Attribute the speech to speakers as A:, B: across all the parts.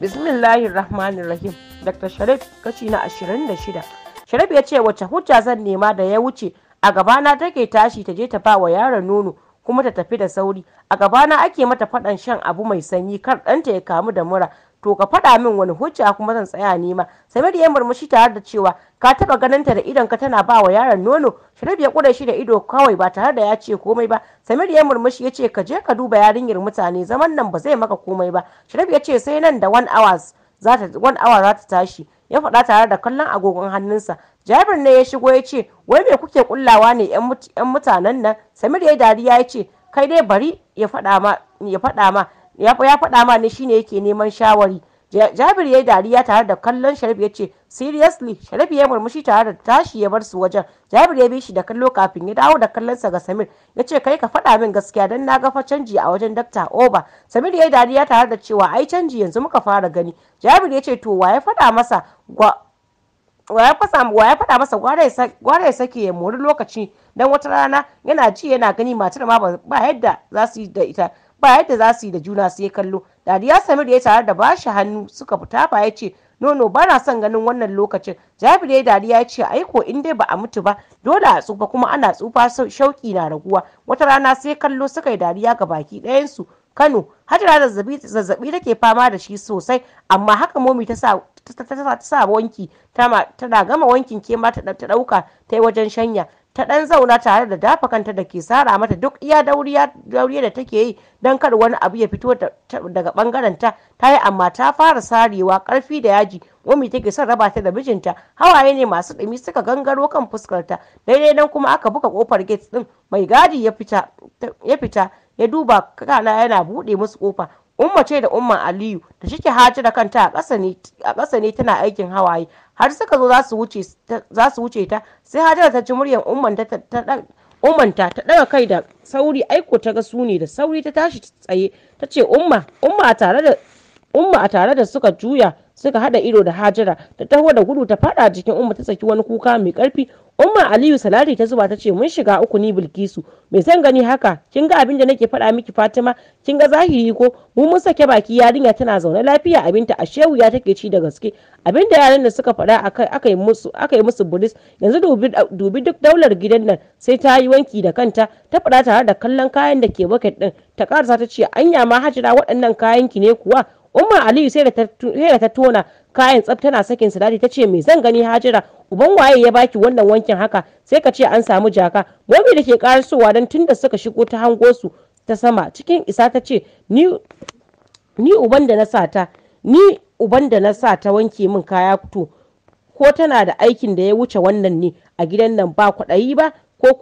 A: bismillahir rahmanir rahim dr sharif kashi na 26 sharif ya ce wace hujja zan nema da ya wuce a gabana take tashi ta je ta ba wa yaron nono kuma ta tafi da sauri a gabana ake mata faɗan shan abu mai sanyi kar ɗanta ya kamu da mura to ka faɗa min wani hujja kuma zan tsaya nema samir ya murmushi tare da cewa ka taɓa ganinta da idon ka tana ba wa yaron nono sharif ya ƙure shi da ido kawai ba tare da ya ce komai ba samir ya murmushi ya ce ka je ka duba yarinyar mutane zaman nan ba zai maka komai ba sharif ya ce sai nan da one hours za ta za ta tashi ya faɗa tare da kallon agogon hannunsa jabir ne ya shigo ya ce wai me kuke kullawa ne yan mutanen nan samir ya dariya ya ce kai dai bari ya faɗa ma ya faɗa ma ne shine yake neman shawari jabir ya yi dariya tare da kallon sharif ya ce seriously sharif ya murmushi tare da tashi ya bar su wajen jabir ya bi shi da kallo kafin ya dawo da kallon sa ga samir ya ce kai ka faɗa min gaskiya dan na fa canji a wajen dr oba samir ya yi dariya tare da cewa ai canji yanzu muka fara gani jabir ya ce to wa ya faɗa masa wa ya faɗa masa gwara ya sake ya mori lokaci don wata rana yana ji yana gani matar ma ba yadda za su yi da ita ba yadda za su yi da juna sai kallo dariya samir ya tare da bashi hannu suka fita ba ya ce nono ba na son ganin wannan lokacin jabir ya dariya ya ce aiko in dai ba a mutu ba dole a tsufa kuma ana tsufa shauki na raguwa wata rana sai kallo suka yi dariya ga baki ɗayansu kano hajara zazzabi take fama da shi sosai amma haka momi ta sa ta sa wanki tana gama wankin ke ma ta ɗauka ta yi wajen shanya ta ɗan zauna tare da dafa kanta da ke sara mata duk iya dauriya da take yi don kar wani abu ya fito daga bangaren ta ta yi amma ta fara sarewa karfi da yaji wami take son raba ta da mijinta hawaye ne masu ɗumi suka gangaro kan fuskarta daidai nan kuma aka buga kofar gate din mai gadi ya fita ya duba kana yana buɗe musu kofa umma ce da ummar aliyu da shike hajara kanta a ƙasa ne tana aikin hawaye har suka zo za su wuce ta sai hajira ta ci muryar ummanta ta ɗaga kai da sauri aiko ta ga su ne da sauri ta tashi tsaye ta ce umma umma tare da umma a tare da suka juya suka hada ido da hajara ta taho da gudu ta fada jikin umma ta saki wani kuka mai karfi umma aliyu salari ta zuba ta ce mun shiga uku ni bilkisu mai san gani haka kin ga abin da nake faɗa miki fatima kin ga zahiri ko mu mun sake baki yarinya tana zaune lafiya abinta a shehu ya take ci da gaske abin da yaran da suka faɗa aka akai musu aka musu bulis yanzu dubi duk daular gidan nan sai ta yi wanki da kanta ta faɗa tare da kallon kayan da ke bucket din ta karasa ta ce anya ma hajira waɗannan kayan ki ne kuwa umma aliyu sai da ta tona kayan tsaf tana sakin sadari ta ce mai zan gani hajira uban waye ya baki wannan wankin haka sai ka ce an samu jaka momi da ke karasowa don tun da suka shigo ta hango su ta sama cikin isa ta ce ni uban da na sa ta ni uban da na sa ta wanke min kaya to ko tana da aikin da ya wuce wannan ne a gidan nan ba kwaɗayi ba ko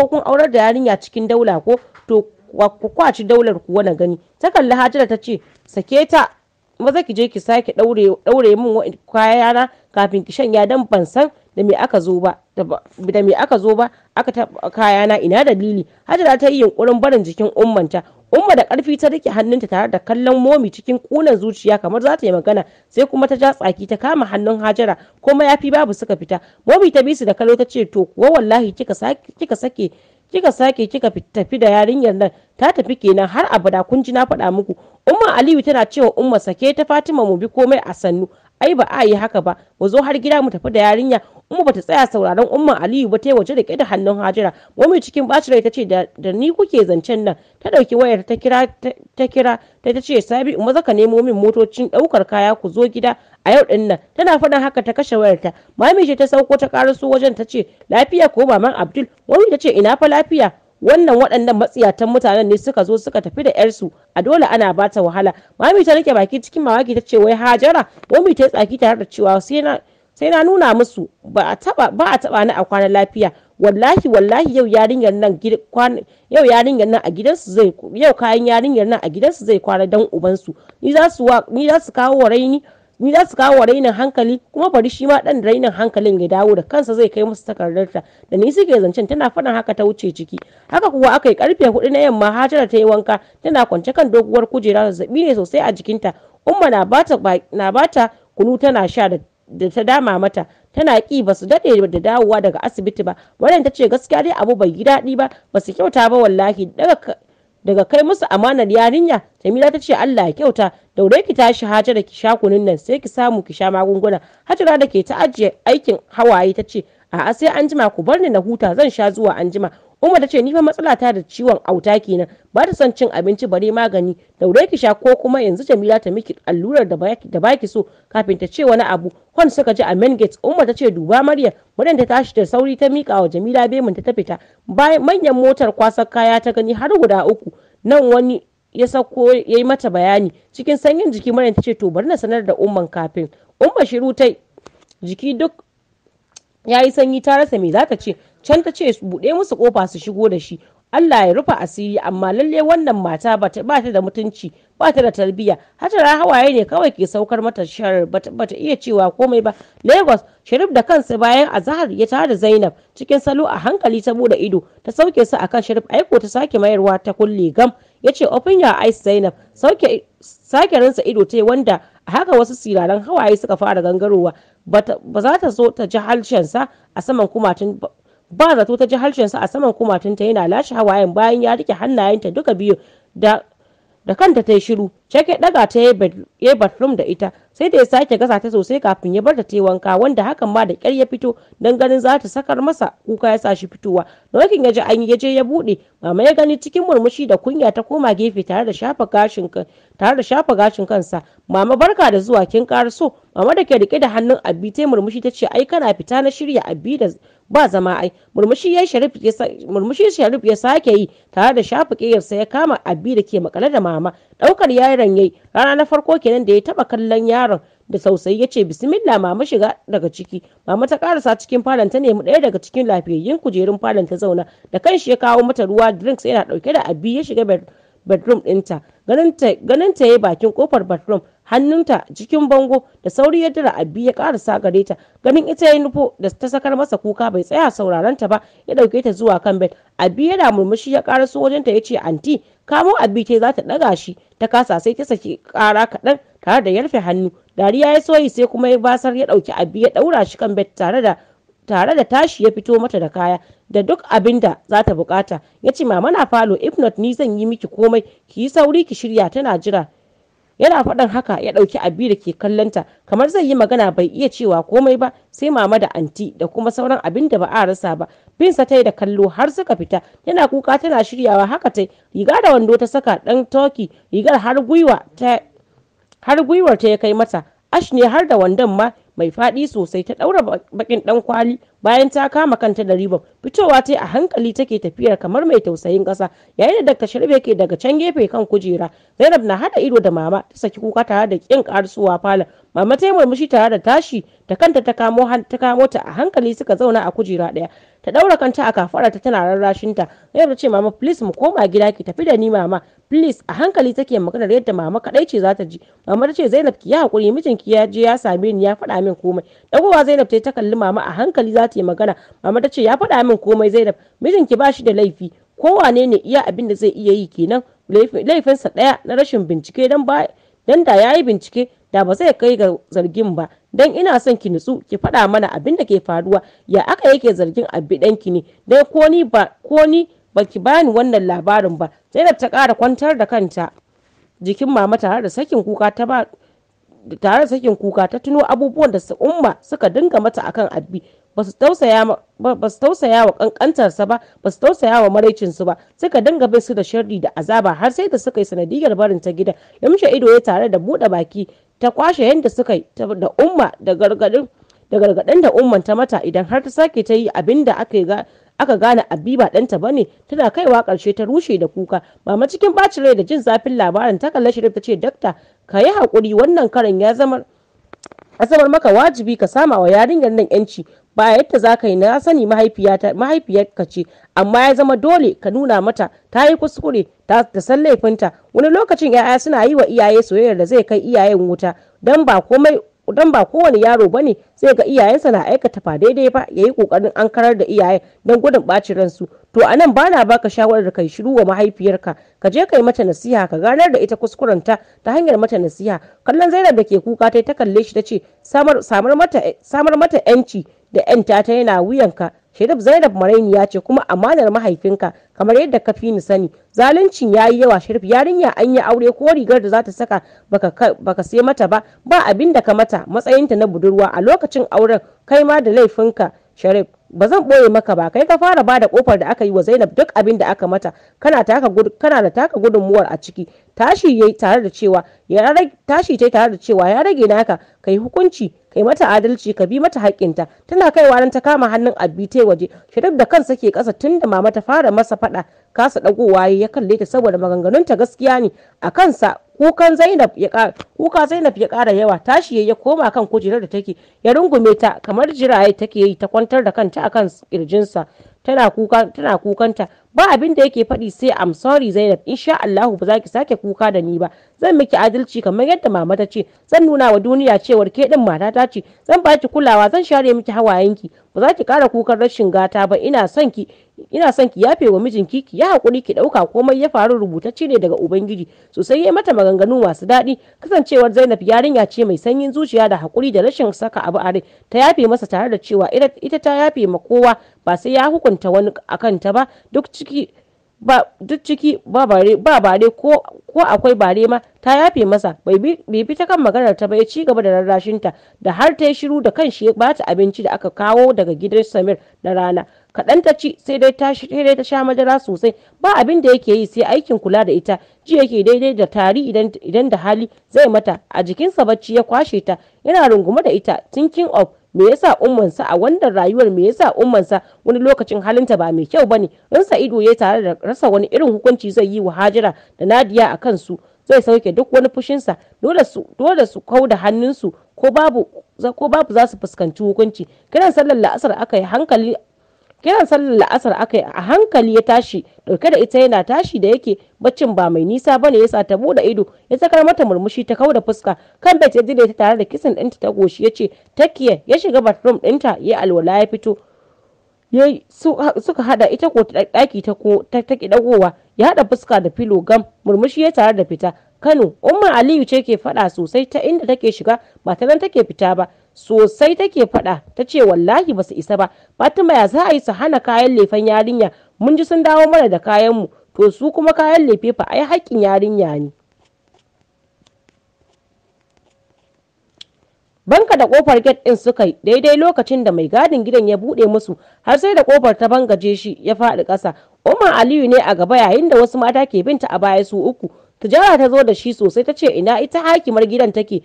A: kun aurar da yarinya cikin daula ko to ku kwaci daular kuwa na gani ta kalli hajara ta ce sake ta maza ki je ki sake daure min kayana kafin ki shanya dan ban san da me aka zo ba aka zo taba kayana ina dalili hajara ta yi yunkurin barin jikin ummanta umma da karfi ta rike hannunta tare da kallon momi cikin kunan zuciya kamar za ta yi magana sai kuma ta ja tsaki ta kama hannun hajara kuma ya fi babu suka fita momi ta bi su da kallo ta ce to kuwa wallahi kika sake kika sake kika tafi da yarinyar nan ta tafi kenan har abada kun ji na faɗa muku umma aliyu tana cewa umma sake ta fatima mu bi komai a sannu ai ba a yi haka ba mu zo har gida mu tafi da yarinya umma bata tsaya sauraron umma aliyu ba ta waje da da hannun hajira wani cikin bacin rai tace da ni kuke zancen nan ta dauki wayar ta kira ta kira ta tace sabi umma zaka nemo min motocin daukar kaya ku zo gida a yau din nan tana faɗin haka ta kashe wayar ta mami ce ta sauko ta karaso wajen tace lafiya ko maman abdul wani tace ina fa lafiya wannan waɗannan matsiyatan mutanen ne suka zo suka tafi da yarsu a dole ana ba ta wahala mami ta rike baki cikin mawaki ta ce wai hajara wami ta tsaki tare da cewa sai na nuna musu ba a taba ni a kwanan lafiya wallahi wallahi yau yarinyar nan yau yarinyar nan a gidansu zai yau kayan yarinyar nan a gidansu zai kwana dan ubansu ni za su ni za su kawo raini ni za su kawo rainin hankali kuma bari shi ma dan rainin hankalin ya dawo da kansa zai kai musu takardarta da ni suke zancen tana faɗin haka ta wuce ciki haka kuwa aka yi karfe hudu na yamma hajara ta yi wanka tana kwance kan doguwar kujera zazzabi ne sosai a jikinta umma na bata kunu tana sha da ta dama mata tana ki ba su daɗe da dawowa daga asibiti ba wannan ta ce gaskiya dai abu bai yi daɗi ba ba su kyauta ba wallahi daga daga kai musu amanar yarinya jamila ta ce allah ya kyauta daure ki tashi hajara ki sha kunun nan sai ki samu ki sha magunguna hajara da ke ta ajiye aikin hawaye ta ce a'a sai anjima ku bar ni na huta zan sha zuwa anjima. umar ta ce ni fa matsala ta da ciwon auta kenan ba ta son cin abinci bare magani daure ki sha ko kuma yanzu Jamila ta miki allurar da baki so kafin ta ce wani abu Hon suka ji a main gate Umma ta ce duba Maryam Maryam ta tashi da sauri ta mika wa Jamila bemin ta fita bayan manyan motar kwasar kaya ta gani har guda uku nan wani ya sauko ya yi mata bayani cikin sanyin jiki Maryam ta ce to bari na sanar da umman kafin Umma shiru ta jiki duk ya yi sanyi ta rasa me za ta ce can ta ce su buɗe musu kofa su shigo da shi Allah ya rufe asiri amma lalle wannan mata ba ta da mutunci ba ta da tarbiyya ra hawaye ne kawai ke saukar mata sharar ba ta iya cewa komai ba Lagos Sharif da kansa bayan azahar ya tada Zainab cikin salo a hankali ta bude ido ta sauke su akan Sharif aiko ta sake mayarwa ta kulle gam yace open your eyes Zainab sauke sake rinsa ido ta wanda a haka wasu siraran hawaye suka fara gangarowa ba za ta so ta ji halshensa a saman kumatun ba zato ta ji harshensa a saman kumatunta yana lashe hawayen bayan ya rike hannayenta duka biyu da da kanta ta yi shiru cike daga ta yi bathroom da ita sai da ya sake gasa ta sosai kafin ya bar ta ta wanka wanda hakan ma da kyar ya fito don ganin za ta sakar masa kuka ya sa shi fitowa lokacin ya ji an ya je ya bude mama ya gani cikin murmushi da kunya ta koma gefe tare da shafa gashin tare da shafa gashin kansa mama barka da zuwa kin karaso mama da ke rike da hannun abi ta murmushi ta ce ai kana fita na shirya abi da ba zama ai murmushi ya sharif ya sake yi tare da shafi kiyarsa ya kama abi da ke makale da mama daukar yaron yayi rana na farko kenan da ya taba kallon yaron da sausayi ya ce bismillah mama shiga daga ciki mama ta karasa cikin falon ta nemi ɗaya daga cikin lafiyayyun kujerun falon ta zauna da kanshi ya kawo mata ruwa drinks yana dauke da abi ya shiga bedroom ɗinta ganin ta yi bakin kofar bathroom hannunta cikin bango da sauri ya dira abi ya karasa gare ta ganin ita ya nufo da ta sakar masa kuka bai tsaya sauraron ta ba ya dauke ta zuwa kan bed abi yana murmushi ya karaso wajen ta yace anti kamo abi ce za ta daga shi ta kasa sai ta saki kara kaɗan tare da yarfe hannu dariya ya soyi sai kuma ya basar ya dauki abi ya daura shi kan bed tare da tare da tashi ya fito mata da kaya da duk abin da za ta bukata ya ce mama na falo if not ni zan yi miki komai ki yi sauri ki shirya tana jira yana faɗan haka ya ɗauki abi da ke kallonta kamar zai yi magana bai iya cewa komai ba sai mama da anti da kuma sauran abin da ba a rasa ba binsa ta yi da kallo har suka fita yana kuka tana shiryawa haka ta riga da wando ta saka ɗan toki rigar har gwiwa ta har gwiwar ta ya kai mata ash ne har da wandon ma mai faɗi sosai ta ɗaura baƙin ɗan kwali bayan ta kama kanta da ribon fitowa ta a hankali take tafiyar kamar mai tausayin kasa yayin da dr sharbe ke daga can gefe kan kujera zainab na hada ido da mama ta saki kuka tare da kin karsuwa falon mama ta yi murmushi tare da tashi ta kanta ta kamo ta kamo ta a hankali suka zauna a kujera ɗaya ta daura kanta a kafara ta tana rarrashin ta zainab ta ce mama please mu koma gida ki tafi da ni mama please a hankali take maganar yadda mama kadai ce za ta ji mama ta ce zainab ki yi hakuri mijinki ya je ya same ni ya faɗa min komai dagowa zainab ta kalli mama a hankali za ta yi magana mama ta ce ya faɗa min komai zainab mijinki ba shi da laifi ko wane ne iya abin da zai iya yi kenan laifinsa ɗaya na rashin bincike don ba dan da ya bincike da ba zai kai ga zargin ba dan ina son ki nutsu ki faɗa mana abin da ke faruwa ya aka yake zargin abi ɗanki ne dan ko ni ba ko ni baki bani wannan labarin ba zainab ta ƙara kwantar da kanta jikin mama tare da sakin kuka ta ba tare da sakin kuka ta tuno abubuwan da umma suka dinga mata akan abbi ba su tausaya wa kankantarsa ba ba su tausaya wa maraicinsu ba suka dinga bai su da sharri da azaba har sai da suka yi sanadiyar barin ta gida limshe ido ya tare da buɗe baki ta kwashe yadda suka yi da umma da gargadin da gargadin da umman ta mata idan har ta sake ta yi abin da aka ga aka gane abiba ɗanta bane tana kaiwa ƙarshe ta rushe da kuka mama cikin bacin rai da jin zafin labarin ta kalla shirif ta ce dakta ka yi haƙuri wannan karin ya zama asabar maka wajibi ka sama wa yarinyar nan yanci ba yadda za ka yi na sani mahaifiyarka ce amma ya zama dole ka nuna mata ta yi kuskure ta san laifinta wani lokacin 'ya'ya suna yi wa iyaye soyayyar da zai kai iyayen wuta don ba komai kowane yaro ba ne sai ga iyayensa na aikata ba daidai ba ya yi kokarin an karar da iyaye don gudun bacin ransu to a nan bana baka shawarar da kai shiru wa mahaifiyarka ka je kai mata nasiha ka ganar da ita kuskurenta ta hanyar mata nasiha kallon zainab da ke kuka ta ta kalle shi ta ce samar mata yanci da 'yanta ta yana wuyanka Sharif Zainab marainiya ce kuma amanar mahaifinka kamar yadda ka fi ni sani zaluncin yi yawa Sharif yarinya an yi aure ko rigar da za ta saka baka, sai mata ba ba abin da ka mata matsayinta na budurwa a lokacin auren kai ma da laifinka Sharif ba zan boye maka ba kai ka fara ba da kofar da aka yi wa Zainab duk abin da aka mata kana da taka gudunmuwar a ciki tashi yayi tare da cewa ya tashi tare da cewa ya rage naka kai hukunci yi mata adalci ka bi mata haƙƙinta tana kaiwa nan ta kama hannun abbi ta waje shirar da kansa ke ƙasa tunda mama ta fara masa faɗa kasa waye ya kalle ta saboda maganganunta gaskiya ne a kansa kukan zainab ya kuka zainab ya kara yawa tashi ya koma kan kujerar da take ya rungume ta kamar jiraye take yi ta kwantar da kanta akan kirjinsa tana kuka tana kukanta ba abin da yake faɗi sai am sorry Zainab insha Allahu ba za ki sake kuka da ni ba zan miki adalci kamar yadda mama ta ce zan nuna wa duniya cewar ke din ta ce zan ba ki kulawa zan share miki hawayenki ba za ki kara kukan rashin gata ba ina son ki ina son ki yafe wa mijinki ki yi hakuri ki dauka komai ya faru rubutacce ne daga ubangiji sosai ya mata maganganu masu daɗi kasancewar Zainab yarinya ce mai sanyin zuciya da hakuri da rashin saka abu a rai ta yafe masa tare da cewa ita ta yafe ma kowa ba sai ya hukunta wani akan ta ba duk ciki ba duk ciki ba bare ba bare ko ko akwai bare ma ta yafe masa bai bi ta kan maganar ta bai ci gaba da rarrashinta da har ta shiru da kan shi ya bata abinci da aka kawo daga gidan Samir na rana kaɗan ta ci sai dai ta sha madara sosai ba abin da yake yi sai aikin kula da ita ji yake daidai da tari idan da hali zai mata a jikinsa bacci ya kwashe ta yana rungume da ita thinking of me yasa ummansa a wannan rayuwar me yasa ummansa wani lokacin halinta ba mai kyau bane sa ido ya tare da rasa wani irin hukunci zai yi wa hajira da nadiya a kansu zai sauke duk wani fushinsa dole su dole su kau da hannunsu ko babu ko babu za su fuskanci hukunci kiran sallar la'asar aka yi hankali kiran sallar la'asar aka yi a hankali ya tashi dauke da ita yana tashi da yake baccin ba mai nisa ba bane yasa ta bude ido ya sakar mata murmushi ta kauda fuska kan bet ya dire ta tare da kisan dinta ta goshi ya ce takiya ya shiga bathroom ɗinta ya alwala ya fito suka hada ita ko ɗaki ta ko ta dagowa ya hada fuska da filo gam murmushi ya tare da fita kano umma aliyu ce ke fada sosai ta inda take shiga ba ta nan take fita ba sosai take faɗa ta ce wallahi ba su isa ba fatima ya za a yi su hana kayan lefen yarinya mun ji sun dawo mana da kayanmu to su kuma kayan lefe fa ai haƙƙin yarinya ne banka da kofar gate din suka yi daidai lokacin da mai gadin gidan ya bude musu har sai da kofar ta bangaje shi ya faɗi ƙasa umar aliyu ne a gaba yayin da wasu mata ke binta a baya su uku tijara ta zo da shi sosai ta ce ina ita hakimar gidan take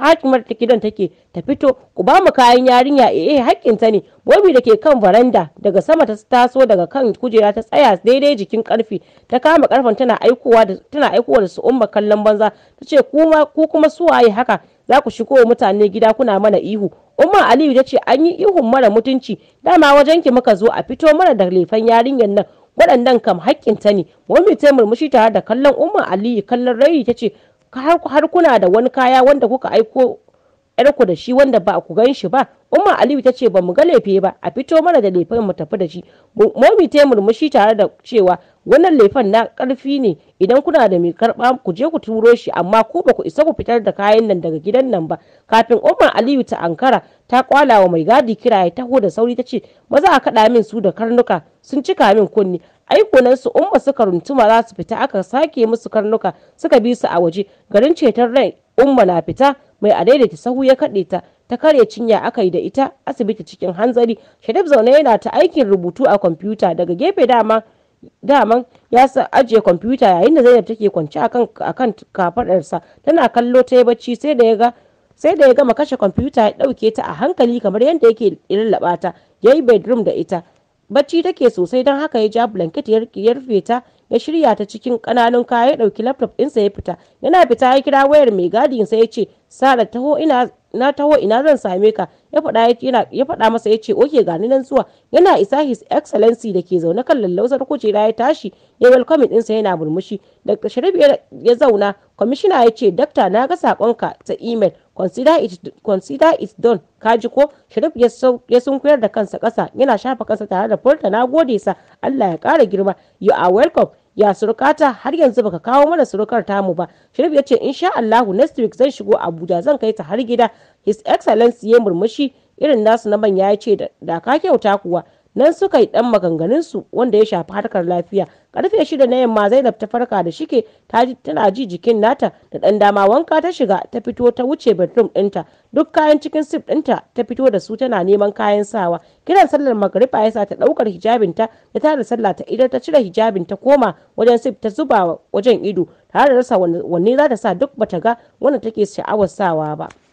A: hakimar ta gidan take ta fito ku ba mu kayan yarinya eh, eh hakkin ta ne bobi da ke kan baranda daga sama ta taso daga kan kujera ta tsaya daidai jikin karfi ta kama karfan tana aikowa da tana aikowa da su umma kallon banza ta ce kuma ku kuma su waye haka za ku shigo mutane gida kuna mana ihu umma aliyu ta ce an yi ihun mara mutunci dama wajen ki muka zo a fito mana da lefan yarinyar nan waɗannan kam hakkin ta ne bobi ta murmushi tare da kallon umma aliyu kallon rayi ta ce har kuna da wani kaya wanda kuka aiko yarku da shi wanda ba ku gan shi ba umma aliyu ta ce ba mu ga lefe ba a fito mana da lefen mu tafi da shi momi ta murmushi tare da cewa wannan lefen na karfi ne idan kuna da mai karba ku je ku turo shi amma ko ba ku isa ku fitar da kayan nan daga gidan nan ba kafin umma aliyu ta ankara ta kwala wa mai gadi kira ya taho da sauri ta ce maza a kaɗa min su da karnuka sun cika min kunni aikunan su umma suka runtuma za su fita aka sake musu karnuka suka bi su a waje garin ceton rai umma na fita mai adaidaita sahu ya kaɗe ta ta karya cinya aka yi da ita asibiti cikin hanzari shadab zaune yana ta aikin rubutu a kwamfuta daga gefe dama daman ya sa ajiye kwamfuta yayin da zainab take kwance akan akan kafadarsa tana kallo ta yi bacci sai da ya ga sai da ya gama kashe kwamfuta ya ɗauke ta a hankali kamar yadda yake lallaba ta ya yi bedroom da ita bacci take sosai don haka ya ja blanket ya rufe ta ya shirya ta cikin kananun kaya ya dauki laptop insa ya fita yana fita ya kira wayar mai gadin sai ya ce sara taho ina na taho ina zan same ka ya faɗa ya faɗa masa ce oke gani nan zuwa yana isa his excellency da ke zaune kan lallausar kujera ya tashi ya welcome ɗinsa yana burmushi dr sharif ya zauna kwamishina ya ce dakta na ga sakonka ta email consider it, consider it done kaji ko sharif ya sunkuyar da kansa ƙasa yana shafa kansa tare da furta na gode sa allah ya kara girma you are welcome ya surukata har yanzu baka kawo mana surukar tamu ba shirif ya ce insha allahu next week zan shigo abuja zan kai ta har gida his excellence ya murmushi irin nasu na manya ya ce da ka kyauta kuwa nan suka yi dan maganganunsu wanda ya shafi harkar lafiya karfe shida na yamma zainab ta farka da shike tana ji jikin nata da dan dama wanka ta shiga ta fito ta wuce bedroom dinta duk kayan cikin sif dinta ta fito da su tana neman kayan sawa kiran sallar magariba ya sa ta daukar hijabinta ta da sallah ta idan ta cire hijabin ta koma wajen sif ta zuba wajen ido tare da rasa wanne za ta sa duk bata ga wanda take sha'awar sawa ba.